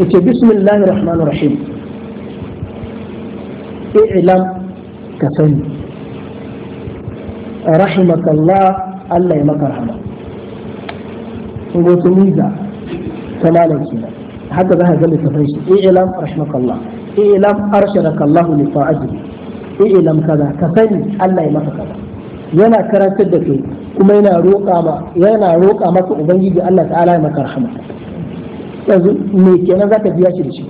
yace bismillahir rahmanir rahim i'lam ka sani rahimakallah Allah ya maka rahama miza ta haka za ka ga littafin shi i'lam rahimakallah i'lam li i'lam kaza ka sani Allah ya maka kaza yana karantar da kai kuma yana roƙa ma yana roƙa maka ubangiji Allah ta'ala ya maka rahama yanzu me kenan za ka biya shi da shi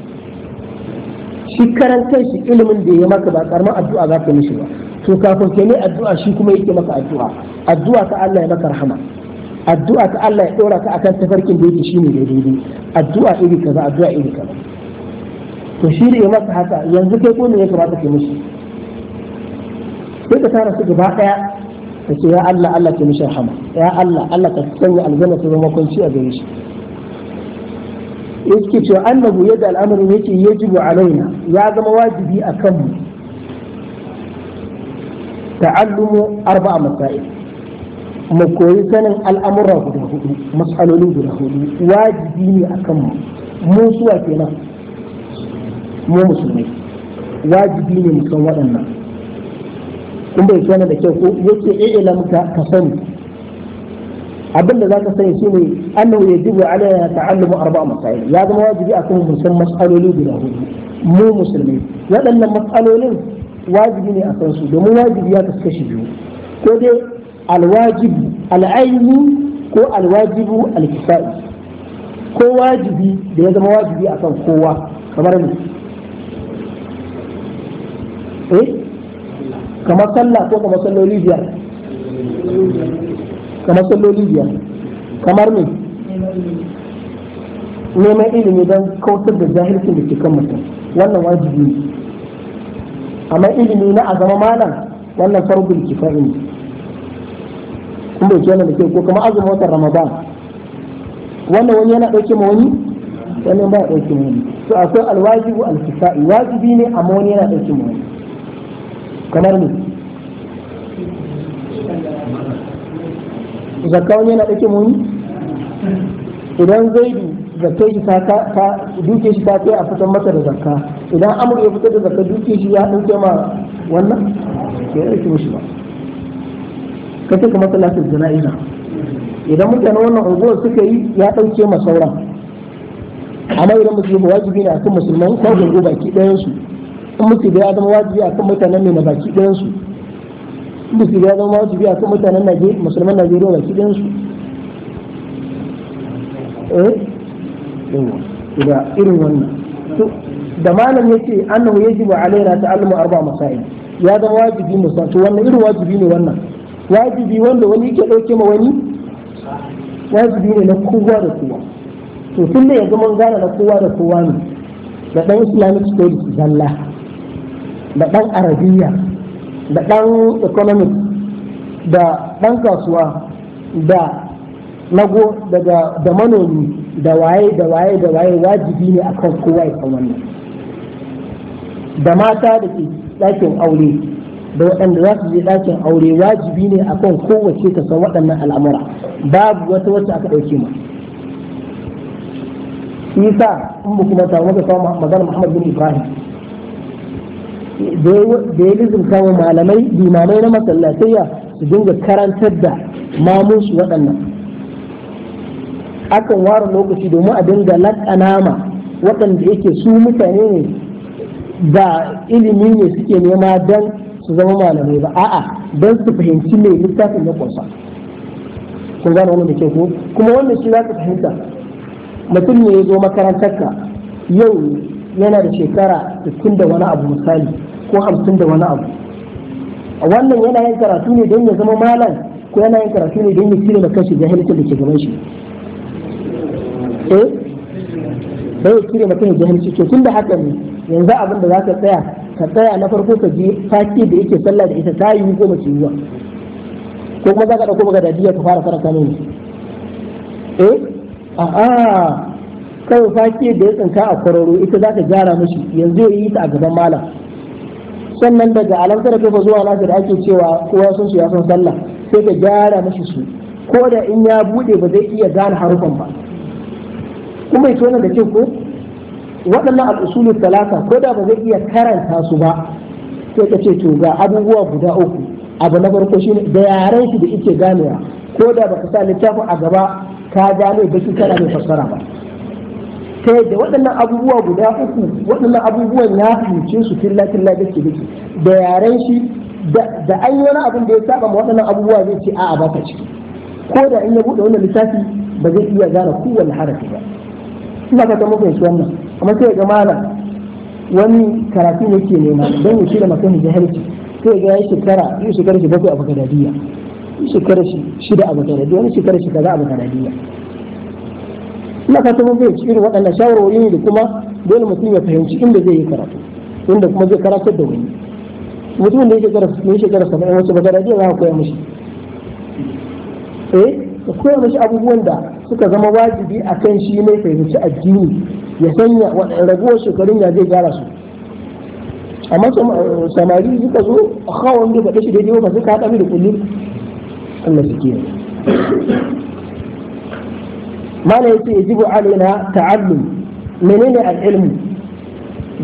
shi karantar shi ilimin da ya maka ba karamin addu'a za ka mishi ba to kafin ka ne addu'a shi kuma yake maka addu'a addu'a ta Allah ya maka rahama addu'a ta Allah ya dora ka akan tafarkin da yake shine da daidai addu'a iri kaza addu'a iri kaza to shi da ya maka haka yanzu kai ko ne ya kamata ka mishi sai ka tara su gaba daya ka ce ya Allah Allah ka mishi rahama ya Allah Allah ka sanya aljanna ta zama kunci a gare shi yake cewa annahu yadda al'amarin yake yajibu alaina ya zama wajibi a kanmu ta'allumu arba'a masail mu koyi sanin al'amura guda hudu matsaloli guda hudu wajibi ne a kanmu mu suwa kenan mu musulmai wajibi ne mu san waɗannan kun bai kenan da kyau ko yake iya ka sani abinda za ka sani shine annahu yajibu alaina ta'allumu arba'a masail ya zama wajibi a kan musan mas'aloli guda hudu mu musulmi waɗannan mas'alolin wajibi ne a kan su domin wajibi ya kasu kashi biyu ko dai alwajibu al'aini ko alwajibu alkisa'i ko wajibi da ya zama wajibi a kan kowa kamar ne eh kamar sallah ko kamar salloli biyar kamar salloli biyar kamar me neman ilimi don kautar da jahilcin da ke kan mutum wannan wajibi ne amma ilimi na a zama malam wannan farbul kifa'i ne kuma bai kenan da ke ko kamar azumin watan ramadan wannan wani yana ɗauke ma wani wani ba ya ɗauke ma wani to akwai alwajibu alkifa'i wajibi ne amma wani yana ɗauke ma wani kamar ne zakka wani yana ɗake muni idan zaidu zakka shi ta duke shi ta kai a fitar masa da zakka idan amur ya fitar da zakka duke shi ya ɗauke ma wannan ke ɗake mishi ba ka masa kamar da jana'iza idan mutane wannan unguwar suka yi ya ɗauke ma sauran amma idan ba wajibi ne akan musulman ko gungu baki ɗayansu in musu da ya zama wajibi akan mutanen ne na baki ɗayansu inda su ya zama wajibi a kan mutanen Najeriya musulman Najeriya baki ɗayan su eh da irin wannan da malam ya ce annahu yajibu alaina ta'allama arba masail ya zama wajibi musato wannan irin wajibi ne wannan wajibi wanda wani yake dauke ma wani wajibi ne na kowa da kowa to tun da yanzu mun gane na kowa da kowa ne da ɗan islamic studies zalla da ɗan arabiya da ɗan economic da ɗan kasuwa da nago daga da manomi da waye da waye da waye wajibi ne kan kowa ya san wannan da mata da ke ɗakin aure da waɗanda za su je ɗakin aure wajibi ne a kan kowace ta san waɗannan al'amura babu wata wacce aka ɗauke ma isa in ba kuma ta maka magana Muhammad bin Ibrahim da ya lizimta wa malamai limamai na masallatayya su dinga karantar da mamunsu waɗannan akan ware lokaci domin a dinga nama waɗanda yake su mutane ne da ilimi ne suke nema don su zama malamai ba a'a don su fahimci mai littafin na kwasa kun gane wannan da ko kuma wannan shi za ka fahimta mutum ne ya zo makarantar ka yau yana da shekara da da wani abu misali ko hamsin da wani abu wannan yana yin karatu ne don ya zama malam ko yana yin karatu ne don ya cire da kashi jahilcin da ke gaban shi eh bai ya cire mutum jahilci to tun da haka ne yanzu abin da za ka tsaya ka tsaya na farko ka je fati da yake sallah da ita ta yi ko ke yiwa ko kuma za ka ɗauko baka dadiya ka fara fara kano ne eh a'a kawai fati da ya tsinka a kwararo ita za ka gyara mashi yanzu ya yi ta a gaban malam sannan daga alamtar kafa zuwa nasa da ake cewa kowa sun su ya san sallah sai ka gyara mashi su ko da in ya bude ba zai iya gane harufan ba kuma ita wannan da ce ko waɗannan al'usulun talata ko da ba zai iya karanta su ba sai ka ce to ga abubuwa guda uku abu na farko shine da yaren shi da ike ganewa ko da baka sa littafin a gaba ka gane baki kana mai fassara ba ta yadda waɗannan abubuwa guda uku waɗannan abubuwan ya fice su filla filla gaske gaske da yaren shi da an yi wani abin da ya saba waɗannan abubuwa zai ce a'a baka ciki ko da in ya buɗe wannan littafi ba zai iya gane kowane harafi ba ina fata muku shi wannan amma sai ga malam wani karatu yake nema don ya shirya masu jahilci sai ga ya shekara yi shekara shi bakwai a bakadadiya shekara shi shida a bakadadiya wani shekara shi kaza a bakadadiya ina ka tabo bai cikin waɗannan shawarwari ne da kuma dole mutum ya fahimci inda zai yi karatu inda kuma zai karatar da wani mutumin da yake karatu ne yake karatu mai wasu bagara zai ya koya mishi eh ka koya mishi abubuwan da suka zama wajibi a kan shi ne fahimci addini ya sanya raguwar shekarun ya zai gyara su amma samari suka zo a kawo wanda ba ta daidai ba suka haɗa da kullum Allah suke mala yace yajibu alaina ta'allum menene al-ilmu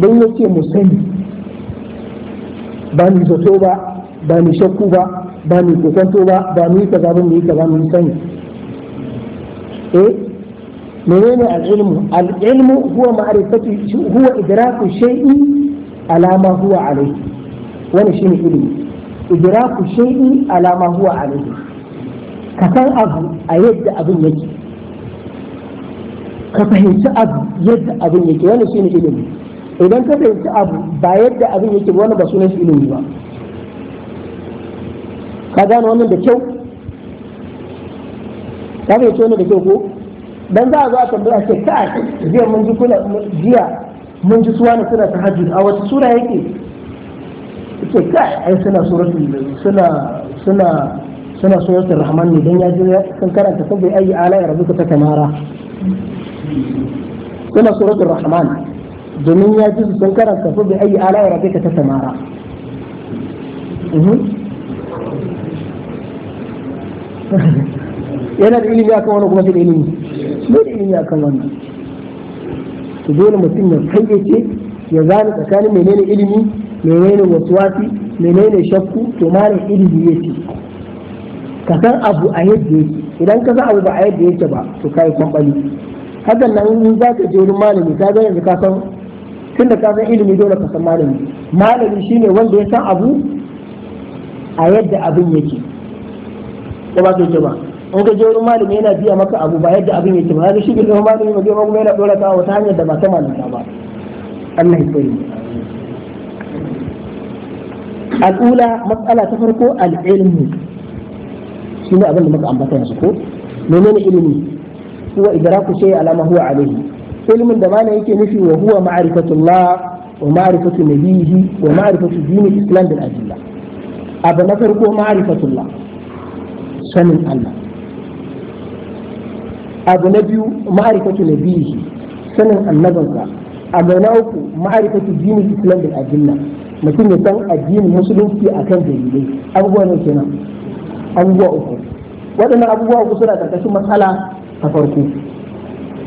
dan yace mu sani ba ni zato ba ni shakku ba ni kokonto ba ba ni kaza ba ni kaza mun sani eh menene al-ilmu al-ilmu huwa ilimi idraku shay'i ala ma a yadda abin yake ka fahimci abu yadda abin yake wani ne ilimi idan ka fahimci abu ba yadda abin yake ba wani ba sunan shi ilimi ba ka gano wannan da kyau ka fahimci wannan da kyau ko dan za a zo a tambaya ce kai jiya mun ji kula jiya mun ji suwa ne suna tahajjud a wasu sura yake ce kai ai suna suratul suna suna suna suratul rahman ne dan ya ji sun karanta sabai ayi ala ya ka ta kamara suna suratul rahman domin ya ji sun karanta su bi ayi ala rabbika tasamara mhm. yana da ilimi akan wani kuma sai da ilimi ne da ilimi akan wani su dole mutum ya fayyace ya zane tsakanin menene ilimi menene wasuwasi menene shakku to mara ilimi yake ka san abu a yadda yake idan ka san abu ba a yadda yake ba to kai kwambali hakan nan in za ka je wurin malami ka ga yanzu ka san tun da ka ilimi dole ka san malami malami shine wanda ya san abu a yadda abin yake ko ba ke ba in ka je wurin malami yana biya maka abu ba yadda abin yake ba ga shi girma malami ba ga kuma yana dora ta wata hanyar da ba ta malanta ba Allah ya koyi al'ula matsala ta farko al'ilmi shi ne abin da muka ambata yanzu ko menene ilimi huwa idraku shay ala ma huwa alayhi ilmin da malam yake nufi wa huwa ma'rifatullah wa ma'rifatu nabiyhi wa ma'rifatu dinil islam bil adilla abu na farko ma'rifatullah sanin Allah abu na biyu ma'rifatu nabiyhi sanin annabinsa abu na uku ma'rifatu dinil islam bil adilla mutum ya san addinin musulunci akan dalilai abubuwa ne kenan abubuwa uku waɗannan abubuwa uku suna ƙarƙashin matsala a farko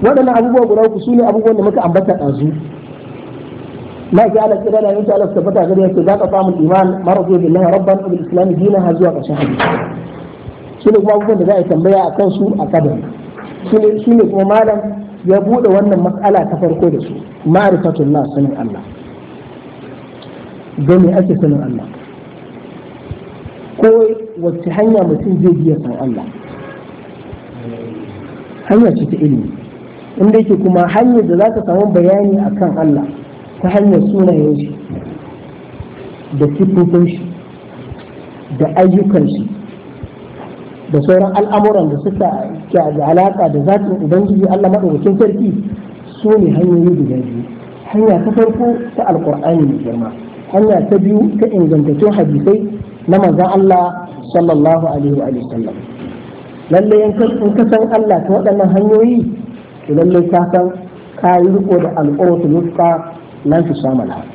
waɗannan abubuwa guda uku su ne abubuwan da muka ambata ɗazu ما جعل كذا أن يجعل الثبات غير يتذاق طعم Rabban ما رضي بالله ربا وبالإسلام دينا هزوا قشاهد شنو kuma abubuwan da za a tambaya a kansu a kabari shi ne kuma malam ya buɗe wannan matsala ta farko da su ma'rifatullah sanin Allah ga me ake sanin Allah ko wacce hanya mutum zai biya san Allah hanya ce ta ilimi inda yake kuma hanyar da za ka samu bayani akan Allah ta hanyar sunayen shi da sifofin shi da ayyukan shi da sauran al'amuran da suka ke da alaƙa da zatin ubangiji Allah maɗaukakin sarki su ne hanyoyi guda biyu hanya ta farko ta alƙur'ani mai girma hanya ta biyu ta ingantattun hadisai na manzon Allah sallallahu alaihi wa sallam lallai in ka san Allah ta waɗannan hanyoyi to lallai ka san ka yi riko da alƙuratu nan ki samu samala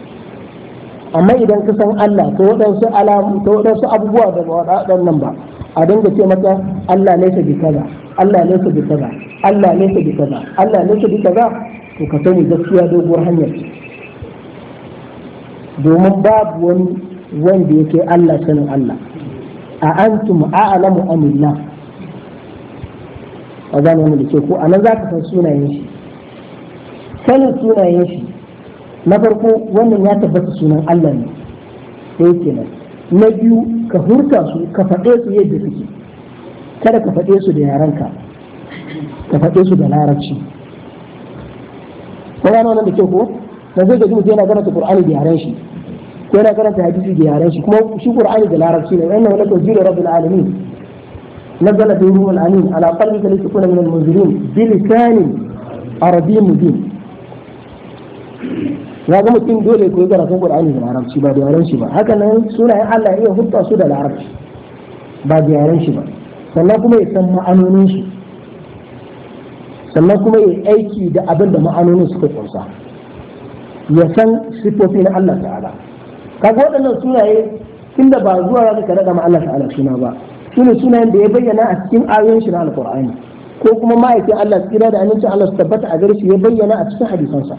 amma idan ka san Allah ta waɗansu alamu ta waɗansu abubuwa da ba waɗannan ba a dinga ce maka Allah ne ka bi kaza Allah ne ka bi kaza Allah ne ka bi kaza Allah ne ka bi kaza to ka sani gaskiya doguwar hanyar domin babu wani wanda yake Allah sanin Allah a antum a'lamu amillah a gane mu da ke ko a nan za ka san sunayen shi sanin sunayen shi na farko wannan ya tabbata sunan Allah ne sai kenan na biyu ka hurta su ka faɗe su yadda suke kada ka faɗe su da yarenka ka faɗe su da larabci ko yana nan da ke ko na zai gaji mutum yana karanta Qur'ani da yaren shi ko yana karanta hadisi da yaren shi kuma shi Qur'ani da larabci ne wannan wani tawjilu rabbil alamin نزل في روح الأمين على قلبك لتكون من المنذرين بلسان عربي مبين ya ga mutum dole ko karatun Qur'ani da Larabci ba da yaren shi ba haka nan sunayen Allah iya hutta su da Larabci ba da yaren shi ba sannan kuma ya san ma'anonin shi sannan kuma ya aiki da abin da ma'anonin suka kunsa ya san sifofi na Allah ta'ala kaga waɗannan sunaye tunda ba zuwa ya ka daga ma Allah ta'ala suna ba shine sunayen da ya bayyana a cikin ayoyin shi na alkur'ani ko kuma ma'aikin Allah tsira da amincin Allah su tabbata a gare shi ya bayyana a cikin hadisansa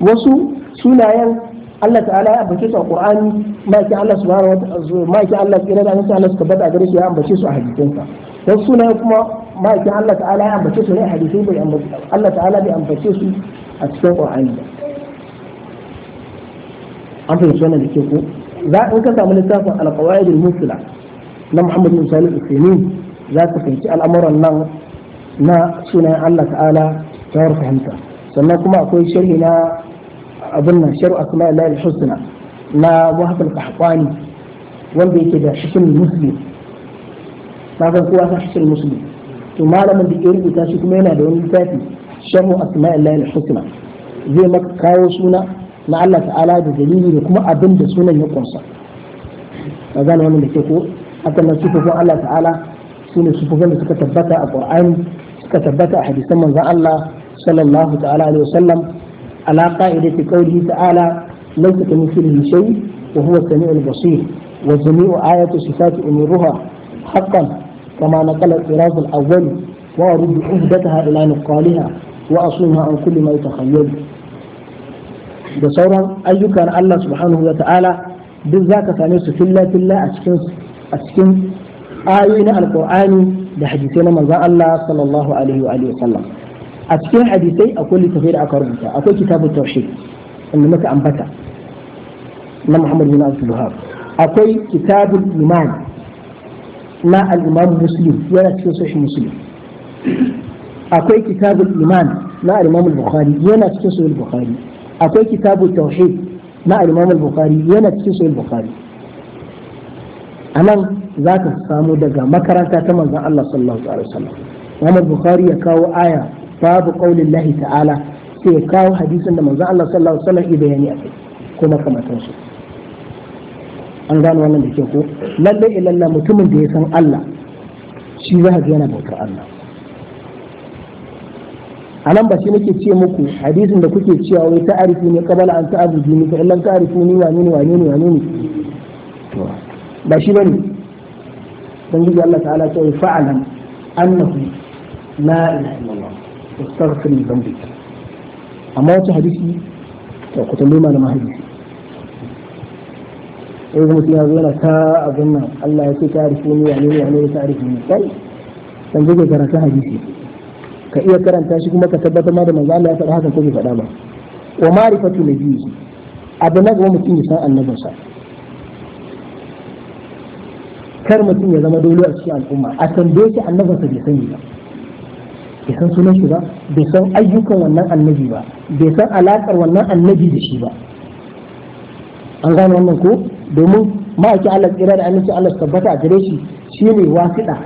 wasu sunayen Allah ta'ala ya ambace su a Qur'ani ma'aikin Allah subhanahu wa ta'ala ma'aikin Allah tsira da amincin Allah su tabbata a gare shi ya ambace su a hadisansa wasu sunayen kuma ma'aikin Allah ta'ala ya ambace su ne a hadisai bai ambace Allah ta'ala bai ambace su a cikin Qur'ani ba an fahimci wannan da ke ko za in ka samu littafin alqawaidul musla na Muhammad bin Salih al za ka fahimci al'amuran nan na sunayen Allah ta'ala ta fahimta sannan kuma akwai sharhi na abin nan sharu asma'illahi al-husna na wahab al-qahtani wanda yake da shikin muslim na san kowa san shikin muslim to malamin da ya rubuta shi kuma yana da wani littafi sharu asma'illahi al-husna zai maka kawo suna na Allah ta'ala da dalili da kuma abin da sunan ya kunsa ka gane wannan da ke ko haka nan sufufin Allah ta'ala su ne sufufin da suka tabbata a Qur'ani suka tabbata a hadisan manzon Allah sallallahu ta'ala alaihi wasallam ala qa'idati qawlihi ta'ala laysa shirin shay wa huwa as-sami'ul basir wa jami'u ayatu sifati umuruha haqqan كما نقل الطراز الأول وأرد عهدتها إلى نقالها وأصونها عن كل ما يتخيل da sauran ayyukan Allah subhanahu wa ta'ala duk za ka same su filla filla a cikin a cikin ayoyi na alkur'ani da hadisai na manzon Allah sallallahu alaihi wa sallam a cikin hadisai akwai littafai da aka rubuta akwai kitabu tauhid wanda muka ambata na Muhammad bin Abdul akwai kitabu iman na al-Imam Muslim yana cikin sahih Muslim akwai kitabu iman na al-Imam Bukhari yana cikin sahih Bukhari akwai kitabul tauhid na al-Imam Bukhari yana cikin sahih Bukhari a nan za ka samu daga makaranta ta manzan Allah sallallahu alaihi wasallam Muhammad Bukhari ya kawo aya babu qaulin lahi ta'ala sai ya kawo hadisin da manzan Allah sallallahu alaihi wasallam ya bayani a kai kuma kamatan shi? an gano wannan da ke ko lalle ilalla mutumin da ya san Allah shi za ka yana bautar Allah a nan ba shi nake ce muku hadisin da kuke cewa wai ta'arifi ne qabala an ta'budu ni fa illam ta'rifu ni wa ne, wa ne, wa ne to ba shi bane ubangiji Allah ta'ala ce annahu amma wata hadisi sai kuma ya zo yana ta abin nan Allah ya ce ta ni ya ne ya ne ta ni kai dan hadisi ka iya karanta shi kuma ka tabbatar ma da manzo Allah ya faɗa haka ko bai faɗa ba wa ma'rifatu nabiyyi mutum ya san annabinsa kar mutum ya zama dole a cikin al'umma a tambaye shi annabinsa bai sani ba bai san sunan shi ba bai san ayyukan wannan annabi ba bai san alakar wannan annabi da shi ba an gane wannan ko domin ma'aikin Allah tsira da aminci Allah tabbata a gare shi shine wasiɗa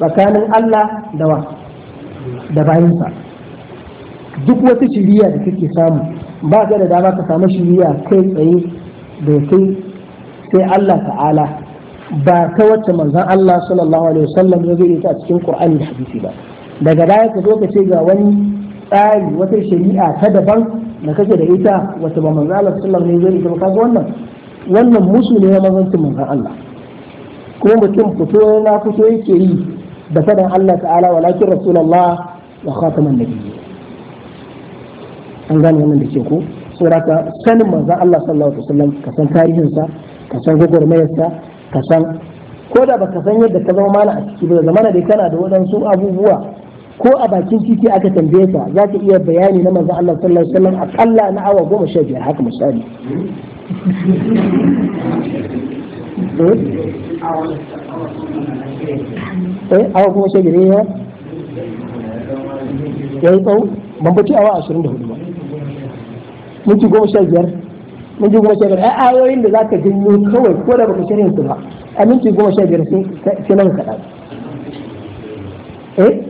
tsakanin Allah da wa da bayansa duk wata shiriya da kake samu ba ka da dama ka samu shiriya kai tsaye da kai sai Allah ta'ala ba ta wacce manzan Allah sallallahu alaihi wasallam ya zai ta a cikin Qur'ani da hadisi ba daga baya ka zo ka ce ga wani tsari wata shari'a ta daban da kake da ita wata ba manzon Allah sallallahu alaihi wasallam ya zai ta kaga wannan wannan musu ne na manzancin Allah kuma mutum fito na fito yake yi da fadan Allah ta'ala walakin rasulullah wa khataman nabiyyi an gane wannan da ke ko saboda sanin manzan Allah sallallahu alaihi wasallam ka san tarihinsa ka san gwagwarmayarsa ka san ko da baka san yadda ka zama mana a ciki ba zama da kana da waɗansu abubuwa ko a bakin titi aka tambaye ka za ka iya bayani na manzon Allah sallallahu alaihi wasallam akalla na awa goma sha biyar haka misali eh, eh awa goma sha biyar ya eh, ya yi tsawo ban bace awa ashirin da hudu ba minti goma sha biyar mun ji goma sha biyar ayoyin da zaka janyo kawai ko da baka shirya su ba a minti goma sha biyar sai nan kaɗan eh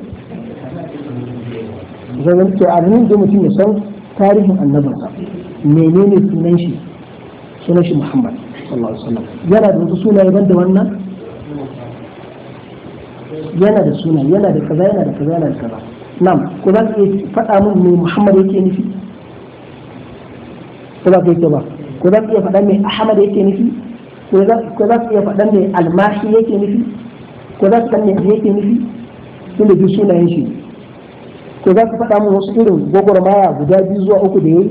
zan ce a nan da mutum ya san tarihin annabinsa menene sunan shi sunan shi Muhammad sallallahu alaihi wasallam yana da wasu sunaye banda wannan yana da suna yana da kaza yana da kaza yana da kaza nam ko za ka faɗa min me Muhammad yake nufi ko za ka yake ba ko za iya faɗan mai ahmad yake nufi ko za su iya faɗan mai almashi yake nufi ko za su faɗan mai yake nufi tunda duk sunayen shi ko za su faɗa mu wasu irin maya guda biyu zuwa uku da yayi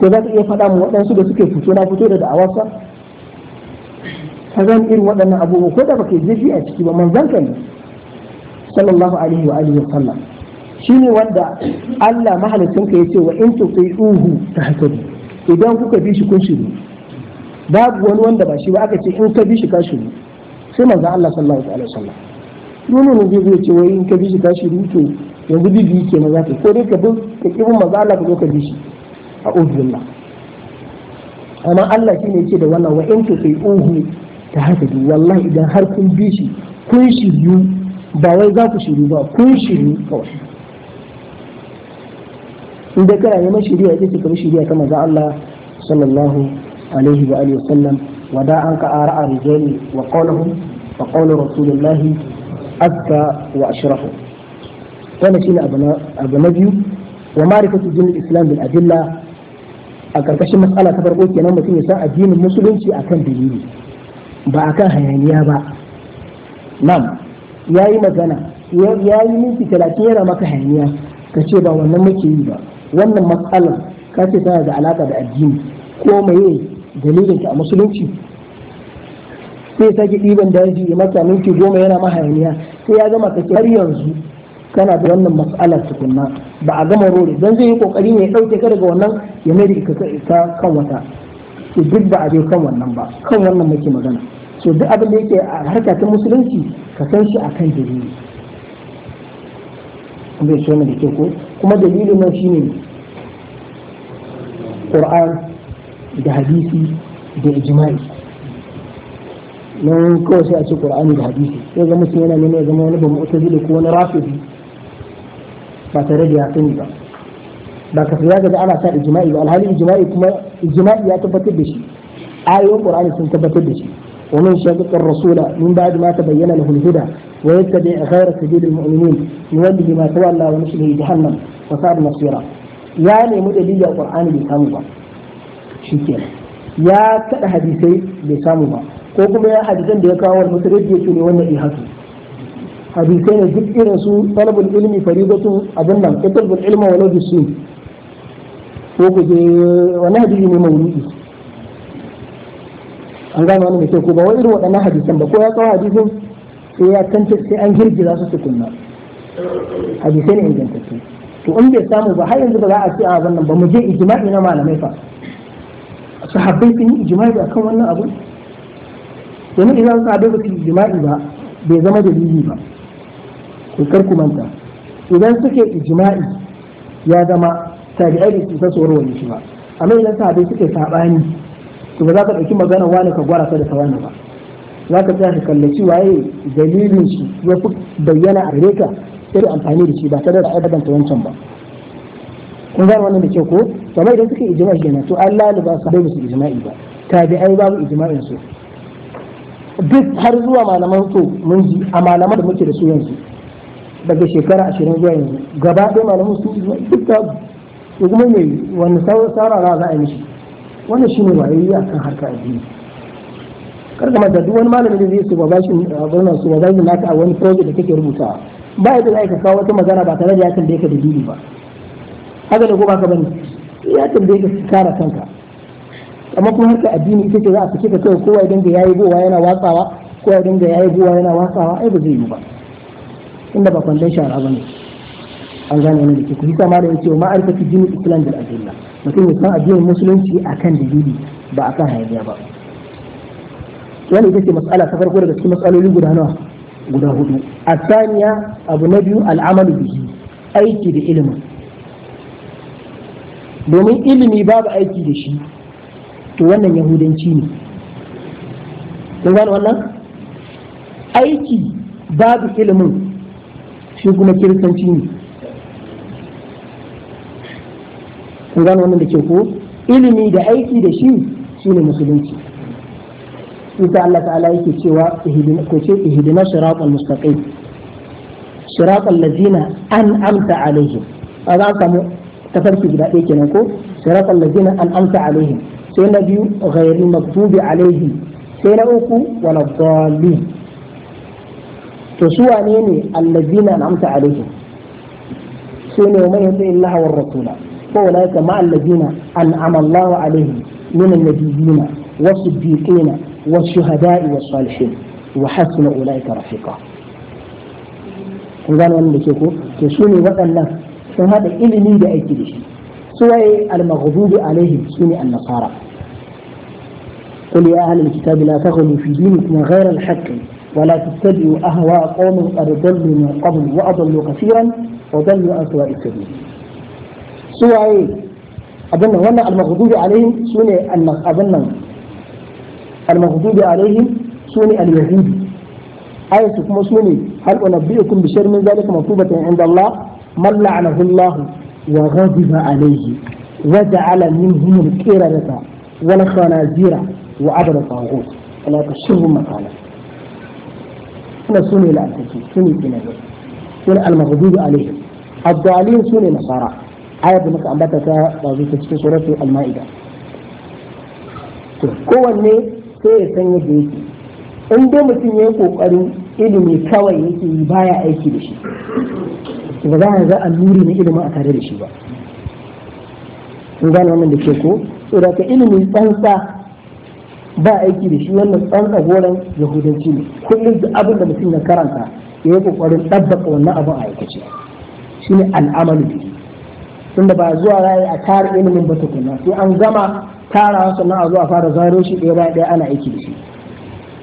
ko za su iya faɗa mu waɗansu da suke fito na fito da da'awarsa ka zan irin waɗannan abubuwa ko da baka je a ciki ba manzan ka ne sallallahu alaihi wa alihi wa sallam shine wanda Allah ka yace wa in tuti'uhu tahtadu idan kuka bi shi kun shiru babu wani wanda ba shi ba aka ce in ka bi shi ka shiru sai manzo Allah sallallahu alaihi wasallam dole ne zai ce wai in ka bi shi ka shiru to yanzu bibi ke maza ka ko dai ka bi ka kibi manzo Allah ka zo ka bi shi a ubillah amma Allah shi ne yake da wannan wa in uhu ta haka wallahi idan har kun bi shi kun shiryu ba wai za ku shiru ba kun shiru kawai in dai kana neman shari'a ita ce kamar shiriya ta manzon Allah sallallahu alaihi wa alihi wasallam wada an ka ara arjali wa qawluhum wa qawlu rasulillahi azka wa ashrafu wannan shine abu na biyu wa ma'rifatu din islam bil adilla a karkashin matsala ta farko kenan mutum ya san addinin musulunci akan dalili ba akan hayaniya ba nam yi magana ya yi minti talatin yana maka hayaniya ka ce ba wannan muke yi ba wannan matsalar ka ce tana da alaka da addini ko mai dalilin ta a musulunci sai sake ɗiban daji ya mata minti goma yana mahayaniya sai ya gama ka har yanzu kana da wannan matsalar tukunna ba a gama rore don zai yi kokari ne ya ɗauke ka daga wannan ya mai ka kan wata to duk ba a kan wannan ba kan wannan muke magana so duk abin da yake a harka ta musulunci ka san shi akan dalili zai so da ke ko kuma dalilin nan shine Qur'an da hadisi da ijma'i nan kawai sai a ce Qur'ani da hadisi sai zama sun yana neman zama wani ba mu'tazili ko wani rafidi ba tare da ya sani ba ba ka ya ga ana sa ijma'i ba alhali ijma'i kuma ijma'i ya tabbatar da shi ayoyin Qur'ani sun tabbatar da shi ومن شاقق الرسول من بعد ما تبين له الهدى ويتبع غير سبيل المؤمنين يوله ما تولى ونصله جهنم وساءت مصيرا يا نيمو دليل القرآن بسامو با شكرا يا كذا حديثي بسامو با ko kuma ya hadisan da ya kawo wani musulunci ya ce ne wannan ihatu hadisai ne duk irin su talabul ilmi faridatun abin nan ko wani hadisi ne maulidi an gane wani mai ko ba wai irin waɗannan hadisan ba ko ya tsawo hadisin sai ya tantar sai an za su su kunna. hadisai ne ingantattu to in bai samu ba har yanzu ba za a ce a wannan ba mu je ijma'i na malamai fa sahabbai sun yi ijma'i akan wannan abu domin idan sahabbai ba su yi ijma'i ba bai zama dalili ba ku kar ku manta idan suke ijma'i ya zama tabi'ai da su ta tsoron wani shi ba amma idan sahabbai suke sabani to ba za ka ɗauki magana wani ka gwara ta da tawani ba za ka tsaya ka kallaci waye dalilin shi ya fi bayyana a gare ka sai da amfani da shi ba tare da aibatan wancan ba kun gane wannan da ke ko kamar idan suka ijma'i kenan to Allah liba su ba su ijma'i ba tabi'ai babu ijma'in su duk har zuwa malaman to mun ji a malaman da muke da su yanzu daga shekara ashirin zuwa yanzu gaba ɗaya malaman su duk babu to kuma mai wani saurara za a yi mishi wannan shine wayoyi akan harka addini kar ka manta duk wani malami da zai su ba shi abuna su ba shi naka a wani project da kake rubutawa ba yadda za ka kawo wata magana ba tare da ya tambaye ka dalili ba haka da ko baka bane ya tambaye ka kara kanka amma kuma harka addini ita ce za a fice ka kawai kowa ya dinga yayi gowa yana watsawa kowa ya dinga yayi gowa yana watsawa ai ba zai yi ba inda ba kwandon shara bane an gane ne da ke ku hisa ma da yace wa ma'arifatu dinin islam bil adilla mutum ya san addinin musulunci akan dalili ba a kan hayaniya ba wani ita ce matsala ta farko daga cikin matsaloli guda nawa guda hudu A saniya abu na biyu al'amalu bihi aiki da ilimin domin ilimi babu aiki da shi to wannan yahudanci ne kun gane wannan aiki babu ilimin shi kuma kiristanci ne kun gano wannan da ke ko ilimi da aiki da shi shine musulunci isa Allah ta'ala yake cewa ko ce ihdina siratal mustaqim siratal ladzina an'amta alaihim a za ka samu tafarki guda ɗaya kenan ko siratal ladzina an'amta alaihim sai na biyu ghairil maghdubi alaihim sai na uku wala dhalin to su wane ne allazina an'amta alaihim sai ne wa man yuti illaha war rasula أولئك مع الذين أنعم الله عليهم من النبيين والصديقين والشهداء والصالحين وحسن أولئك رفيقا إذا وانا لكيكو كسوني وقال الله فهذا إلي لي بأي كده سوى المغضوب عليهم سوني النصارى قل يا أهل الكتاب لا تغلوا في دينكم غير الحق ولا تتبعوا أهواء قوم قد ضلوا من قبل وأضلوا كثيرا وضلوا أسوأ السبيل suwaye abin nan wannan al-maghdubi alaihim sune abin nan al-maghdubi alaihim sune al-yahudi ayatu kuma sune hal unabbiukum bi sharrin min zalika maktubatan inda Allah man la'anahu Allah wa ghadiba alayhi wa ja'ala minhum al-qiradata wal khanazira wa abada taghut ala tashru makala suna sune la'antu sune kinaya sune al-maghdubi alaihim الضالين سنة نصارى ayar da muka ambata ta bazu ta cikin suratul al-ma'ida to kowanne sai ya san yadda yake in dai mutum ya yi kokarin ilimi kawai yake yi baya aiki da shi ba za a za a luri na ilimin a tare da shi ba in gane wannan da ke ko da ka ilimi tsansa ba aiki da shi wannan tsantsa goron yahudanci ne kullum da abin da mutum ya karanta ya yi kokarin ɗabbaka wannan abin a aikace shi ne al'amalu tunda ba zuwa raye a tara ilimin ba kuma sai an gama tara sannan a zuwa fara zaro shi ɗaya bayan ɗaya ana aiki da shi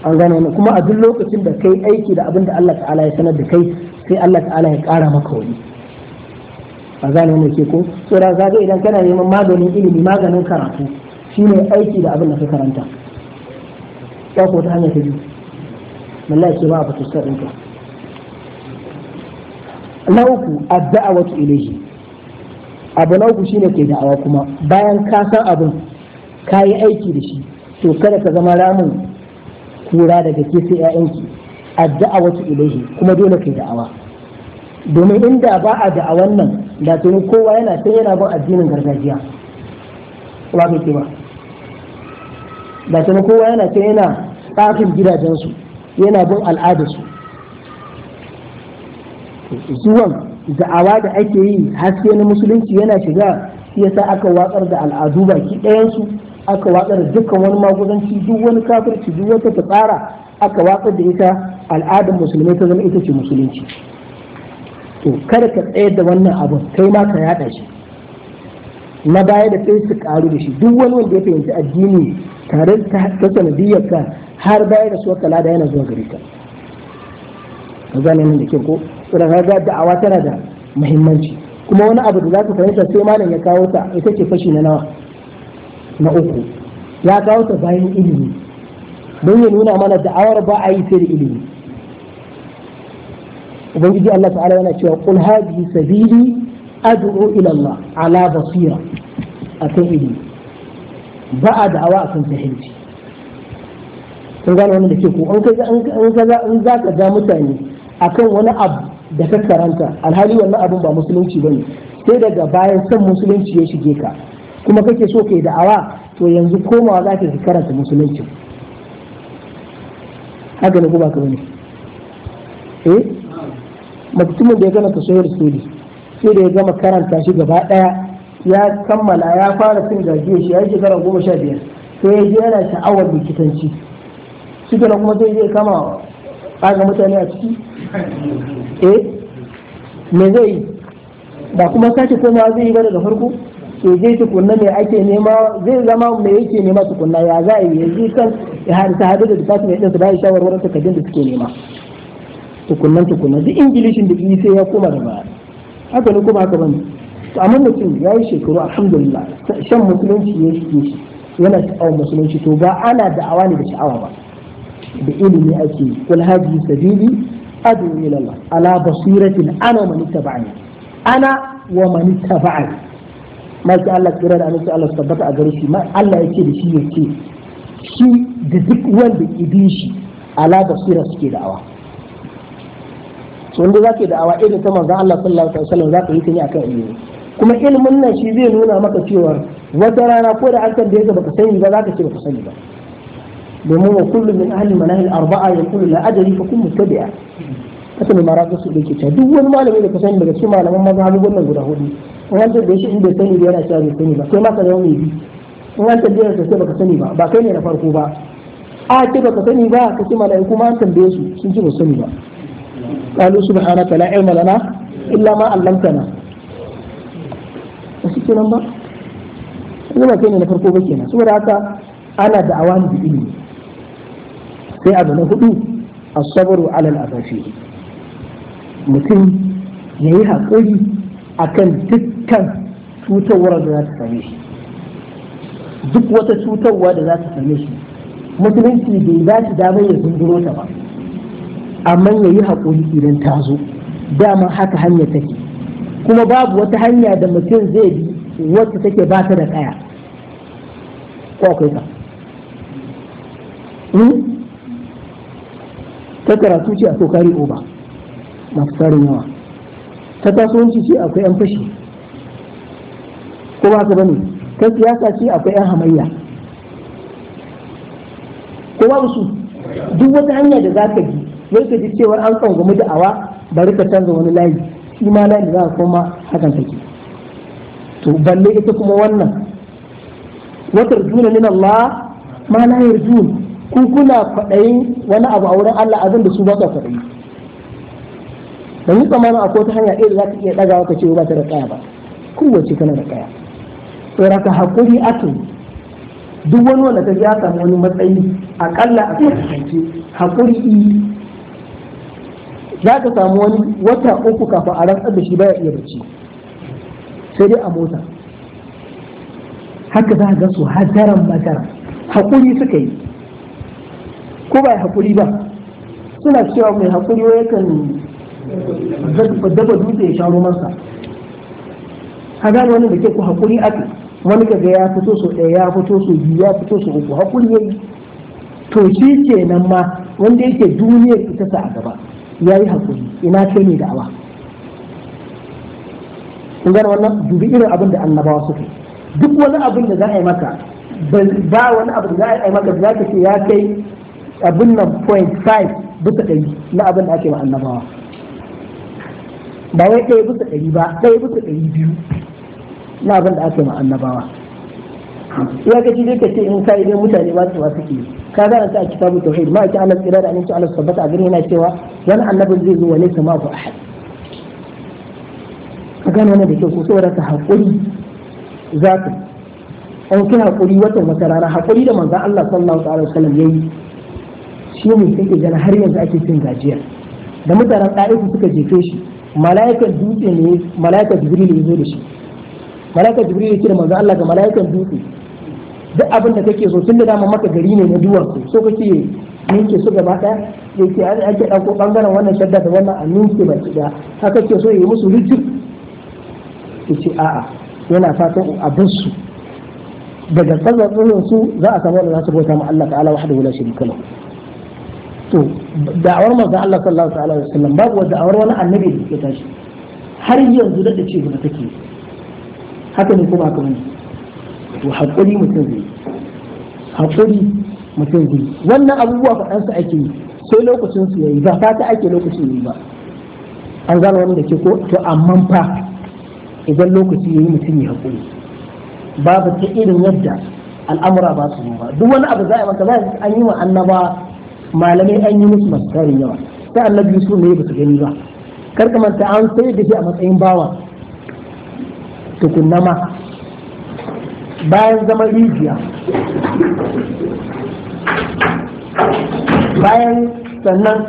an gane ne kuma a duk lokacin da kai aiki da abin da Allah ta'ala ya sanar da kai sai Allah ta'ala ya ƙara maka wani a gane ne ke ko So da zaga idan kana neman maganin ilimi maganin karatu shine aiki da abin da ka karanta ya ko ta hanya ta biyu wallahi ce ba a fatuskar ɗinka na uku addu'a wata ilaihi abu na uku shine ke da'awa kuma bayan ka san abin ka yi aiki da shi to kada ka zama ramin kura daga ke sai a addu'a wata ilahi kuma dole ke da'awa domin inda ba a da'awan nan da tuni kowa yana sai yana bin addinin gargajiya ba ke ba da tuni kowa yana sai yana tsafin gidajensu yana bin al'adarsu zuwan da'awa da ake yi haske na musulunci yana shiga shi yasa aka watsar da al'adu baki ɗayansu aka watsar da dukkan wani maguzanci duk wani kafirci duk wata tsara aka watsar da ita al'adar musulmai ta zama ita ce musulunci to kada ka tsayar da wannan abun kai ma ka yada shi na baya da sai su karu da shi duk wani wanda ya fahimci addini tare ta sanadiyyarta ka har baya da suwa kala yana zuwa gari ka ka nan da ke ko saboda ga da'awa tana da muhimmanci kuma wani abu da za ka fahimta sai malam ya kawo ta ita ce fashi na nawa na uku ya kawo ta bayan ilimi don ya nuna mana da'awar ba a yi sai da ilimi ubangiji Allah ta'ala yana cewa qul hadhihi sabili ad'u ila Allah ala basira akan ilimi ba a da'awa akan fahimci. kun gane wannan da ke ko an ka an za ka ga mutane akan wani abu da ka alhali wannan abin ba musulunci ba ne, sai daga bayan san musulunci ya shige ka kuma kake so kai da'awa to yanzu komawa za ka karanta musulunci haka ne ko ba ka bane eh mutumin da ya gana tasawir sodi sai da ya gama karanta shi gaba daya ya kammala ya fara cin gajiyar shi ya yi shekara goma sha biyar sai ya je yana sha'awar likitanci shi kuma zai zai kama ga mutane a ciki eh me zai yi ba kuma sake koma zai yi ba daga farko ke je tukunna me ake nema zai zama me yake nema tukunna ya za a yi yanzu kan ya ta hada da department din su ba shawarwarin takardun da suke nema tukunnan tukunnan duk ingilishin da yi ya koma da baya haka ne kuma haka bane to amma mutum ya yi shekaru alhamdulillah shan musulunci ya shige shi yana sha'awar musulunci to ba ana da'awa ne da sha'awa ba da ilimi ake kul sabili adu ila Allah ala basiratin ana man ana wa man ittaba'ani ma ki Allah kira da annabi Allah tabbata a gare shi ma Allah yake da shi yake shi da duk wanda idin shi ala basira suke da'awa za yi da'awa irin ta manzan Allah sallallahu alaihi wasallam za ka yi ta ne akan ilimi kuma ilimin nan shi zai nuna maka cewa wata rana ko da an san da yake baka sani ba za ka ce baka sani ba domin wa kullum min ahli manahil arba'a ya kullu la ajri fa kun mustabi'a kasan maraƙa su dake cewa duk wani malami da ka sani daga cikin malaman mazhabin wannan guda hudu wanda da shi inda sani da yana cewa bai sani ba sai ma ka zama mai bi wanda da yana sai baka sani ba ba kai ne na farko ba a ce baka sani ba ka ce mala'iku kuma an tambaye su sun ce ba sani ba qalu subhanaka la ilma lana illa ma 'allamtana wasu kenan ba yanzu ba kai ne na farko ba kenan saboda haka ana da da'awa da ilimi sai abu na hudu as alal ala al-afafi mutum yayi hakuri akan dukkan cutarwar da za ta same shi duk wata cutarwa da za ta same shi musulunci bai ba shi damar ya zunguro ta ba amma ya yi haƙuri idan ta zo dama haka hanya take kuma babu wata hanya da mutum zai bi wacce take ba ta da kaya ko akwai ta hmm? ta karatu ce a kari oba masu tarin yawa ta kasuwanci ce akwai yan fashi ko ba ka bane ta siyasa ce akwai yan hamayya ko ba su duk wata hanya da za ka bi wai ka ji cewar an tsangwami da'awa bari ka canza wani layi shi ma layi za ka koma hakan take to balle ita kuma wannan wata juna min Allah ma la yarjun ku kuna kwaɗayin wani abu a wurin Allah abin da su ba sa kwaɗayi ban yi tsammanin akwai wata hanya ɗaya za ka iya ɗaga ka ce ba ta da kaya ba kowace kana da kaya tsira raka haƙuri ake duk wani wanda ta ji ya samu wani matsayi aƙalla a kasance haƙuri i za ka samu wani wata uku kafin a rantsar da shi baya iya bacci sai dai a mota haka za ka ga su hadaran madara haƙuri suka yi ko ba hakuri ba suna cewa mai hakuri wai yakan daba dutse ya sha romansa ka gane wani da ke ku hakuri aka wani gaga ya fito so ɗaya ya fito so biyu ya fito so uku hakuri ya yi to shi nan ma wanda yake duniyar ita sa a gaba ya yi hakuri ina kai ne da'awa kun gane wannan dubi irin abin da annabawa ke duk wani abin da za a yi maka ba wani abu da za a yi maka za ka ce ya kai abin nan point five bisa ɗari na abin da ake ma annabawa ba wai ɗaya bisa ɗari ba ɗaya bisa ɗari biyu na abin da ake ma annabawa ya ga dai ka ce in ka idan mutane ba su wasu ke ka gana ta a kitabu tauhid ma ake Allah tsira da aminci Allah sabbata a gari yana cewa wani annabin zai zo wale sama ku ahad ka gane wannan da kyau ko saboda ka haƙuri za ka an kai haƙuri watan wata rana haƙuri da manzan Allah sallallahu alaihi wasallam yi. shi ne kake gana har yanzu ake cin gajiyar da mutanen ɗa'ifu suka jefe shi mala'ikar dutse ne mala'ikar jibril ya zo da shi mala'ikar jibril ya ce da manzo Allah ga mala'ikar dutse duk abin da kake so tun da dama maka gari ne na duwatsu so kake yanke su gaba ɗaya da ke ake ɗauko bangaren wannan shadda da wannan a ninke baki ɗaya haka ke so ya yi musu rijik ya ce a'a yana fatan abin su daga tsarin su za a da za su bauta ma to da'awar manzon Allah sallallahu alaihi wasallam babu wa da'awar wani annabi da ke tashi har yanzu da ce ba take haka ne kuma haka ne to hakuri mutum zai hakuri mutum zai wannan abubuwa faɗan su ake yi sai lokacin su yayi ba fata ake lokacin yayi ba an gano wani da ke ko to amma fa idan lokaci yayi mutum ya hakuri babu ta irin yadda al'amura ba su yi ba duk wani abu za a maka za an yi annaba malamai an yi musu masu tarin yawa ta annabi su ne ba su gani ba kar ka manta an sai da shi a matsayin bawa tukunna bayan zama rijiya bayan sannan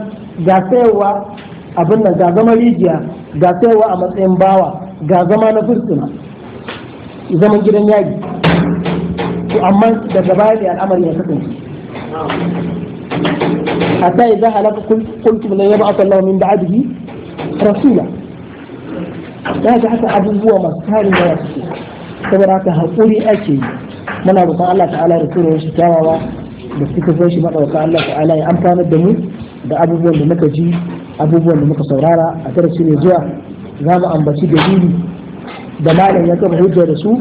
ga sayarwa abin nan ga zama rijiya ga sayarwa a matsayin bawa ga zama na fursuna zaman gidan yaki to amma daga baya da al'amari ya kasance حتى إذا هلك قلتم لن يبعث da من بعده رسولا ya ga haka abubuwa masu tarin da yawa suke saboda haka haƙuri ake yi muna roƙon Allah ta'ala da tura shi kyawawa da suka san shi maɗauka Allah ala ya amfanar da mu da abubuwan da muka ji abubuwan da muka saurara a darasi ne zuwa za mu ambaci dalili da malam ya kama hujja da su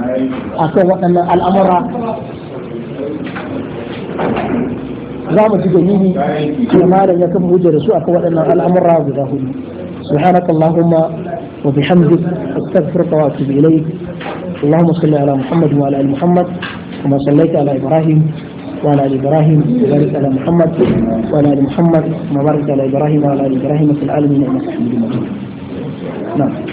akan waɗannan al'amura za mu ji dalili da malam ya kafa hujjar su akan waɗannan al'amura guda hudu سبحانك اللهم وبحمدك استغفرك واتوب اليك اللهم صل على محمد وعلى ال محمد كما صليت على ابراهيم وعلى ال ابراهيم وبارك على محمد وعلى ال محمد كما باركت على ابراهيم وعلى ال ابراهيم في العالمين انك حميد مجيد نعم